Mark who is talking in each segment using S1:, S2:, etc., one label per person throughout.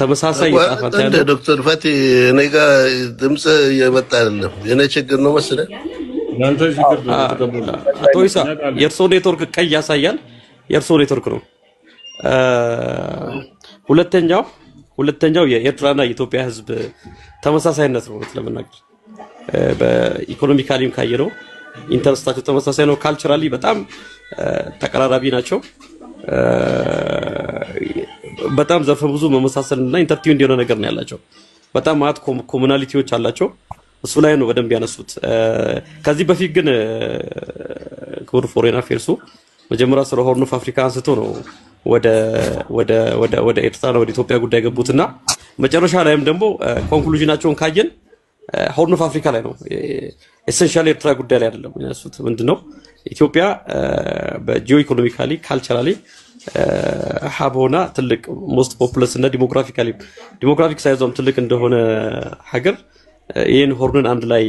S1: ተመሳሳይ
S2: እየጻፈት ያለ ዶክተር ፈቲ እኔ ጋር ድምጽ እየመጣ አይደለም። የኔ ችግር ነው መሰለህ።
S1: ያንተ ችግር ነው። ተቀበለ አቶ ኢሳ የእርሶ ኔትወርክ ቀይ ያሳያል። የእርሶ ኔትወርክ ነው። ሁለተኛው ሁለተኛው የኤርትራና የኢትዮጵያ ሕዝብ ተመሳሳይነት ነው ለመናገር በኢኮኖሚካሊም ካየነው ኢንተረስታቸው ተመሳሳይ ነው። ካልቸራሊ በጣም ተቀራራቢ ናቸው። በጣም ዘርፈ ብዙ መመሳሰል እና ኢንተርቲቭ እንዲሆነ ነገር ነው ያላቸው። በጣም ማለት ኮሙናሊቲዎች አላቸው። እሱ ላይ ነው በደንብ ያነሱት። ከዚህ በፊት ግን ክቡር ፎሬን አፌርሱ መጀመሪያ ስለ ሆርን ኦፍ አፍሪካ አንስቶ ነው ወደ ወደ ወደ ወደ ኤርትራ ወደ ኢትዮጵያ ጉዳይ ገቡትና መጨረሻ ላይም ደግሞ ኮንክሉዥናቸውን ካየን ሆርን ኦፍ አፍሪካ ላይ ነው ኤሰንሻል ኤርትራ ጉዳይ ላይ አይደለም ያነሱት ምንድን ነው ኢትዮጵያ በጂኦ ኢኮኖሚካሊ ካልቸራሊ ሀብ ሆና ትልቅ ሞስት ፖፕለስ እና ዲሞግራፊካሊ ዲሞግራፊክ ሳይዞም ትልቅ እንደሆነ ሀገር ይህን ሆርንን አንድ ላይ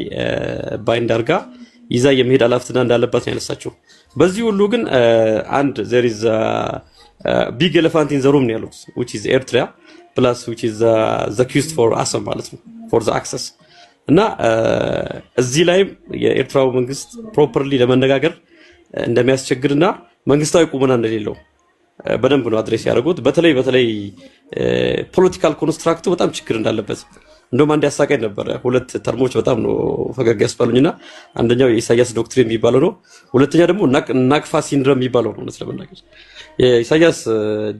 S1: ባይንድ አርጋ ይዛ የመሄድ አላፍትና እንዳለባት ነው ያነሳቸው። በዚህ ሁሉ ግን አንድ ዘር ኢዝ ቢግ ኤሌፋንቲን ዘሩም ነው ያሉት ዊች ኢዝ ኤርትራ ፕላስ ዊች ኢዝ ዘ ኪውስት ፎር አሰብ ማለት ነው ፎር ዘ አክሰስ እና እዚህ ላይም የኤርትራው መንግስት ፕሮፐርሊ ለመነጋገር እንደሚያስቸግርና መንግስታዊ ቁመና እንደሌለው በደንብ ነው አድሬስ ያደረጉት። በተለይ በተለይ ፖለቲካል ኮንስትራክቱ በጣም ችግር እንዳለበት እንደውም አንድ ያሳቀኝ ነበረ። ሁለት ተርሞች በጣም ነው ፈገግ ያስባሉኝና አንደኛው የኢሳያስ ዶክትሪን የሚባለው ነው፣ ሁለተኛ ደግሞ ናቅፋ ሲንድረም የሚባለው ነው። እውነት ለመናገር የኢሳያስ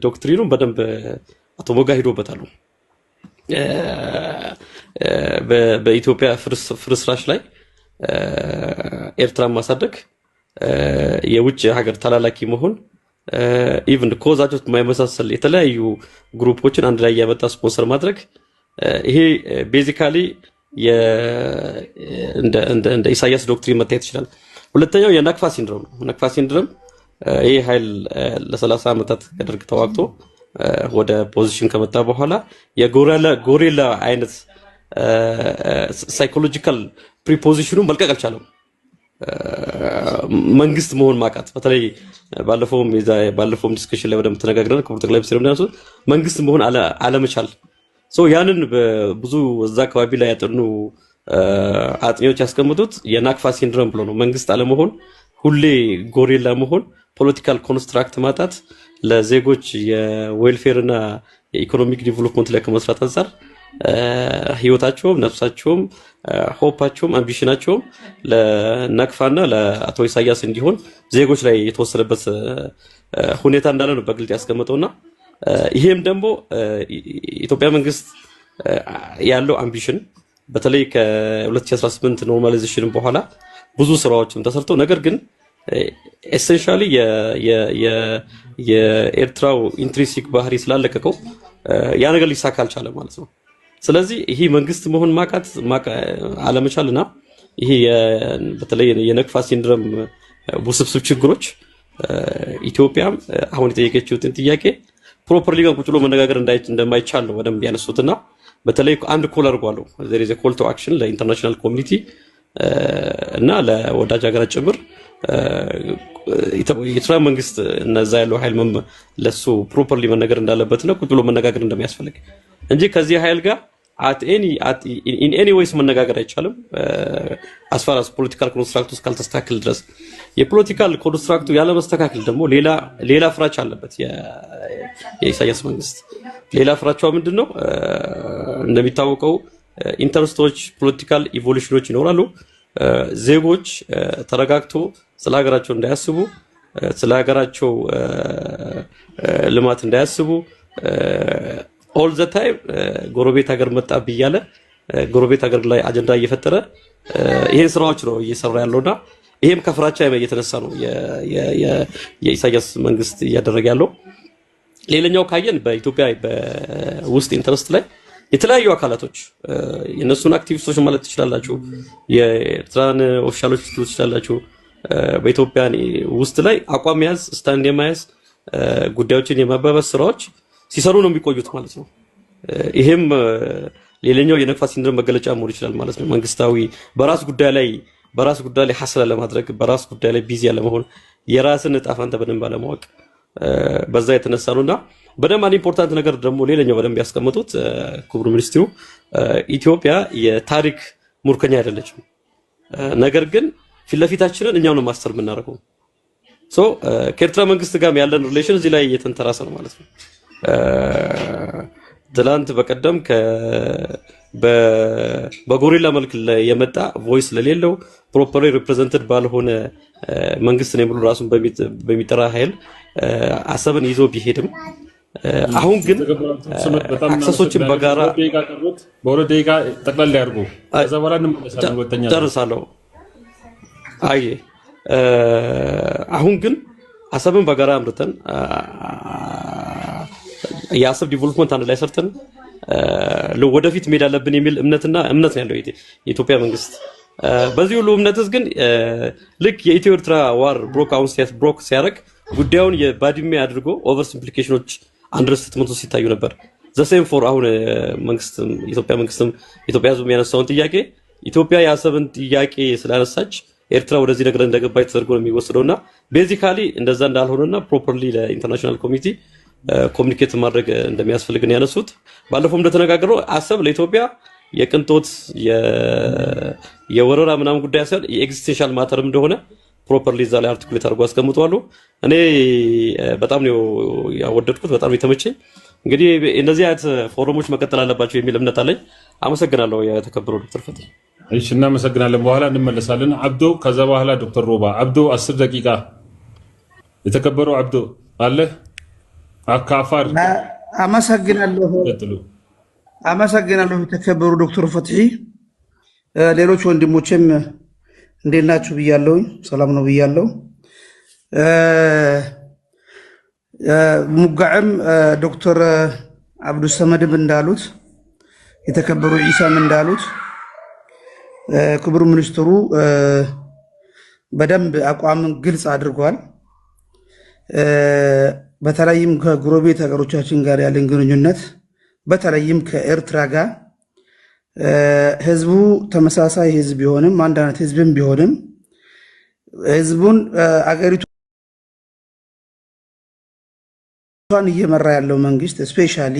S1: ዶክትሪኑ በደንብ አቶ ሞጋ ሂዶበታሉ። በኢትዮጵያ ፍርስራሽ ላይ ኤርትራን ማሳደግ የውጭ ሀገር ተላላኪ መሆን ኢቭን ኮዛቸው የማይመሳሰል የተለያዩ ግሩፖችን አንድ ላይ እያመጣ ስፖንሰር ማድረግ ይሄ ቤዚካሊ እንደ ኢሳያስ ዶክትሪን መታየት ይችላል። ሁለተኛው የነክፋ ሲንድሮም ነው። ነክፋ ሲንድሮም ይህ ኃይል ለ30 ዓመታት ከደርግ ተዋግቶ ወደ ፖዚሽን ከመጣ በኋላ የጎሪላ አይነት ሳይኮሎጂካል ፕሪፖዚሽኑን መልቀቅ አልቻለም። መንግስት መሆን ማቃት በተለይ ባለፈውም ባለፈውም ዲስከሽን ላይ በደንብ ተነጋግረን ክቡር ጠቅላይ ሚኒስትር እንዳነሱት መንግስት መሆን አለመቻል ያንን ብዙ እዛ አካባቢ ላይ ያጠኑ አጥኚዎች ያስቀምጡት የናክፋ ሲንድረም ብሎ ነው። መንግስት አለመሆን፣ ሁሌ ጎሪላ መሆን፣ ፖለቲካል ኮንስትራክት ማጣት ለዜጎች የዌልፌርና የኢኮኖሚክ ዲቨሎፕመንት ላይ ከመስራት አንጻር ህይወታቸውም ነፍሳቸውም ሆፓቸውም አምቢሽናቸውም ለነቅፋና ለአቶ ኢሳያስ እንዲሆን ዜጎች ላይ የተወሰነበት ሁኔታ እንዳለ ነው በግልጽ ያስቀመጠውና ይሄም ደግሞ ኢትዮጵያ መንግስት ያለው አምቢሽን በተለይ ከ2018 ኖርማሊዜሽን በኋላ ብዙ ስራዎችም ተሰርተው ነገር ግን ኤሴንሻሊ የኤርትራው ኢንትሪንሲክ ባህሪ ስላለቀቀው ያ ነገር ሊሳካ አልቻለ ማለት ነው። ስለዚህ ይሄ መንግስት መሆን ማቃት አለመቻልና ይሄ በተለይ የነክፋ ሲንድረም ውስብስብ ችግሮች ኢትዮጵያም አሁን የጠየቀችውትን ጥያቄ ፕሮፐርሊ ጋር ቁጭ ብሎ መነጋገር እንደማይቻል ነው በደንብ ያነሱትና በተለይ አንድ ኮል አድርጓለሁ ዘር ዘ ኮል ቱ አክሽን ለኢንተርናሽናል ኮሚኒቲ እና ለወዳጅ ሀገራት ጭምር የኤርትራ መንግስት እነዛ ያለው ኃይል ለሱ ፕሮፐርሊ መነገር እንዳለበትና ቁጭ መነጋገር እንደሚያስፈልግ እንጂ ከዚህ ኃይል ጋር ኢን ኤኒ ዌይስ መነጋገር አይቻልም። አስፋራስ ፖለቲካል ኮንስትራክቱ እስካልተስተካከል ድረስ የፖለቲካል ኮንስትራክቱ ያለመስተካከል ደግሞ ሌላ ፍራቻ አለበት። የኢሳያስ መንግስት ሌላ ፍራቻው ምንድን ነው? Uh, እንደሚታወቀው ኢንተርስቶች፣ ፖለቲካል ኢቮሉሽኖች ይኖራሉ። uh, ዜጎች uh, ተረጋግቶ ስለ ሀገራቸው እንዳያስቡ፣ ስለ ሀገራቸው ልማት እንዳያስቡ ኦል ዘ ታይም ጎረቤት ሀገር መጣ እያለ uh, ጎረቤት ሀገር ላይ አጀንዳ እየፈጠረ uh, ይሄን ስራዎች ነው እየሰራ ያለውና ይሄም ከፍራቻ እየተነሳ ነው የኢሳያስ መንግስት እያደረገ ያለው። ሌላኛው ካየን በኢትዮጵያ በውስጥ ኢንተረስት ላይ የተለያዩ አካላቶች uh, የእነሱን አክቲቪስቶች ማለት ትችላላችሁ፣ የኤርትራን ኦፊሻሎች ትችላላችሁ። በኢትዮጵያ ውስጥ ላይ አቋም መያዝ፣ ስታንድ የማያዝ ጉዳዮችን የማባበስ ስራዎች ሲሰሩ ነው የሚቆዩት ማለት ነው። ይሄም ሌላኛው የነቅፋት ሲንድሮም መገለጫ መሆን ይችላል ማለት ነው። መንግስታዊ በራስ ጉዳይ ላይ በራስ ጉዳይ ላይ ሀስላ ለማድረግ በራስ ጉዳይ ላይ ቢዚ ያለመሆን የራስን እጣ ፈንታ በደንብ አለማወቅ በዛ የተነሳ ነው እና በደንብ አንድ ኢምፖርታንት ነገር ደግሞ ሌላኛው በደንብ ያስቀመጡት ክቡር ሚኒስትሩ ኢትዮጵያ የታሪክ ሙርከኛ አይደለችም። ነገር ግን ፊትለፊታችንን እኛው ነው ማስተር የምናደርገው። ከኤርትራ መንግስት ጋር ያለን ሪሌሽን እዚህ ላይ እየተንተራሰ ነው ማለት ነው። ትላንት በቀደም በጎሪላ መልክ የመጣ ቮይስ ለሌለው ፕሮፐር ሪፕሬዘንትድ ባልሆነ መንግስት ነው ብሎ ራሱን በሚጠራ ኃይል አሰብን ይዞ ቢሄድም አሁን ግን አክሰሶችን በጋራ
S3: በሁለት ደቂቃ ጠቅላላ ያድርጉ። ከዛ በኋላ
S1: እንመለሳለን። ጨርሳለሁ። አይ አሁን ግን አሰብን በጋራ አምርተን የአሰብ ዲቨሎፕመንት አንድ ላይ ሰርተን ወደፊት መሄድ አለብን የሚል እምነትና እምነት ነው ያለው የኢትዮጵያ መንግስት። በዚህ ሁሉ እምነትስ ግን ልክ የኢትዮ ኤርትራ ዋር ብሮክ አሁን ብሮክ ሲያደርግ ጉዳዩን የባድሜ አድርጎ ኦቨር ሲምፕሊኬሽኖች አንደርስቴትመንቶች ሲታዩ ነበር። ዘሴም ፎር አሁን መንግስትም ኢትዮጵያ መንግስትም ኢትዮጵያ ህዝብ የሚያነሳውን ጥያቄ ኢትዮጵያ የአሰብን ጥያቄ ስላነሳች ኤርትራ ወደዚህ ነገር እንደገባች ተደርጎ ነው የሚወስደው እና ቤዚካሊ እንደዛ እንዳልሆነና ፕሮፐርሊ ለኢንተርናሽናል ኮሚኒቲ ኮሚኒኬት ማድረግ እንደሚያስፈልግ ነው ያነሱት። ባለፈው እንደተነጋገረው አሰብ ለኢትዮጵያ የቅንጦት የወረራ ምናምን ጉዳይ ሳይሆን የኤግዚስቴንሻል ማተርም እንደሆነ ፕሮፐርሊ እዛ ላይ አርቲኩሌት አድርጎ አስቀምጠዋሉ። እኔ በጣም ነው ያወደድኩት፣ በጣም የተመቸኝ። እንግዲህ እነዚህ አይነት ፎረሞች መቀጠል አለባቸው የሚል እምነት አለኝ። አመሰግናለሁ የተከበሩ ዶክተር ፈት።
S3: እሺ፣ እናመሰግናለን። በኋላ እንመለሳለን። አብዶ፣ ከዛ በኋላ ዶክተር ሮባ። አብዶ አስር ደቂቃ የተከበረው አብዶ አለህ። አካፋር
S4: አመሰግናለሁ። አመሰግናለሁ የተከበሩ ዶክተር ፈትሒ ሌሎች ወንድሞችም እንዴት ናችሁ ብያለሁ። ሰላም ነው ብያለሁ። ሙጋዕም ዶክተር አብዱሰመድም እንዳሉት የተከበሩ ዒሳም እንዳሉት ክቡር ሚኒስትሩ በደንብ አቋምን ግልጽ አድርጓል። በተለይም ከጎረቤት ሀገሮቻችን ጋር ያለን ግንኙነት በተለይም ከኤርትራ ጋር ህዝቡ ተመሳሳይ ህዝብ ቢሆንም አንድ አይነት ህዝብም ቢሆንም ህዝቡን አገሪቱን እየመራ ያለው መንግስት ስፔሻሊ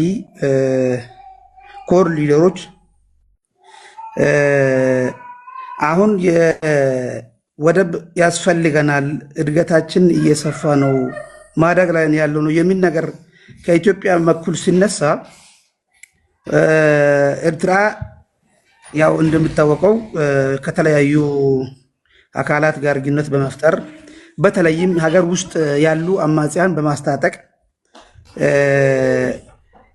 S4: ኮር ሊደሮች አሁን ወደብ ያስፈልገናል፣ እድገታችን እየሰፋ ነው፣ ማደግ ላይ ያለ ነው የሚል ነገር ከኢትዮጵያ በኩል ሲነሳ ኤርትራ ያው እንደምታወቀው ከተለያዩ አካላት ጋር ግንኙነት በመፍጠር በተለይም ሀገር ውስጥ ያሉ አማጽያን በማስታጠቅ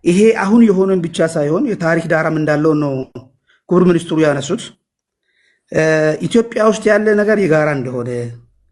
S4: ይሄ አሁን የሆነን ብቻ ሳይሆን የታሪክ ዳራም እንዳለው ነው ክቡር ሚኒስትሩ ያነሱት። ኢትዮጵያ ውስጥ ያለ ነገር የጋራ እንደሆነ